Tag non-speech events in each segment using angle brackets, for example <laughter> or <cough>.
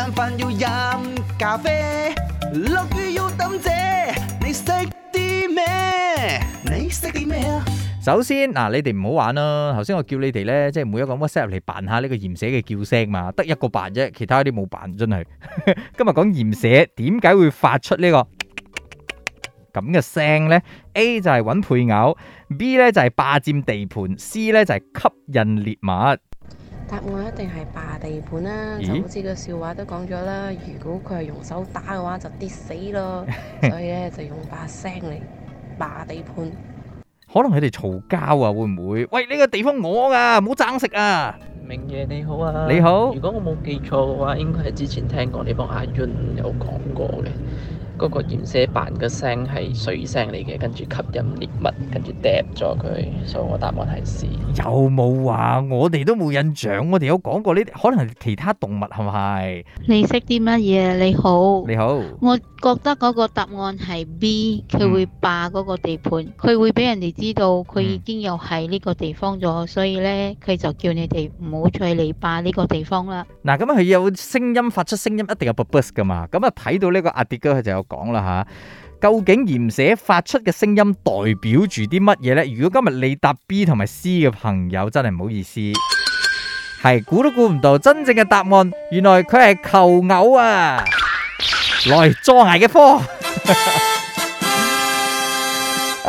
要飲咖啡，落雨要等姐。你識啲咩？你識啲咩啊？首先嗱，你哋唔好玩啦。頭先我叫你哋咧，即係每一個 WhatsApp 嚟，扮下呢個鹽蛇嘅叫聲嘛，得一個扮啫，其他啲冇扮，真係。 <laughs> 今日講鹽蛇，點解會發出呢個咁嘅聲咧？A 就係搵配偶，B 咧就係霸佔地盤，C 咧就係吸引獵物。答案一定係霸地盤啦，啊，就好似個笑話都講咗啦。如果佢係用手打嘅話，就跌死咯。所以咧就用把聲嚟霸地盤。 <laughs> 可能佢哋嘈交啊？會唔會？喂，呢個地方我㗎，唔好爭食啊！明夜你好啊，你好。如果我冇記錯嘅話，應該係之前聽過你幫阿 Jun，啊、有講過嘅。嗰個岩蛇板嘅聲係水聲嚟嘅，跟住吸引獵物，跟住釣咗佢。所以我答案係 C。有冇話？我哋都冇印象，我哋有講過呢啲，可能係其他動物係咪？是是你識啲乜嘢？你好。你好。你好。我覺得嗰個答案係 B，佢會霸嗰個地盤，佢、嗯、會俾人哋知道佢已經又喺呢個地方咗，嗯、所以咧佢就叫你哋唔好再嚟霸呢個地方啦。嗱，咁佢有聲音發出聲音，一定有 bubbles 噶嘛。咁啊，睇到呢個阿迪哥，佢就有。講啦吓，究竟簷蛇發出嘅聲音代表住啲乜嘢呢？如果今日你答 B 同埋 C 嘅朋友，真係唔好意思，係估都估唔到真正嘅答案，原來佢係求偶啊，來捉鞋嘅科。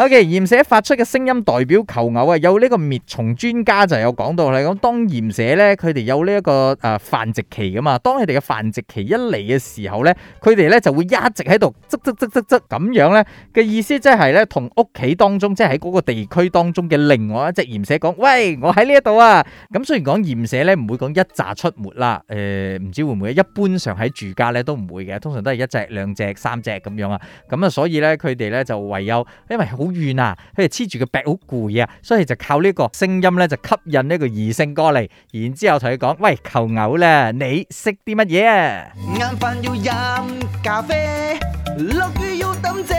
O.K. 簷蛇發出嘅聲音代表求偶啊！有呢個滅蟲專家就有講到，係講當簷蛇咧，佢哋有呢、這、一個誒、呃、繁殖期噶嘛。當佢哋嘅繁殖期一嚟嘅時候咧，佢哋咧就會一直喺度嘖嘖嘖嘖嘖咁樣咧嘅意思、就是，即係咧同屋企當中，即係喺嗰個地區當中嘅另外一隻簷蛇講：喂，我喺呢一度啊！咁雖然講簷蛇咧唔會講一紮出沒啦，誒、呃、唔知會唔會？一般上喺住家咧都唔會嘅，通常都係一隻、兩隻、三隻咁樣啊。咁啊，所以咧佢哋咧就唯有因為好遠啊，佢哋黐住個壁好攰啊，所以就靠這個聲呢個聲音咧就吸引呢個異性過嚟，然之後同佢講：喂，求偶咧，你識啲乜嘢啊？晚飯要飲咖啡，落雨要擔遮。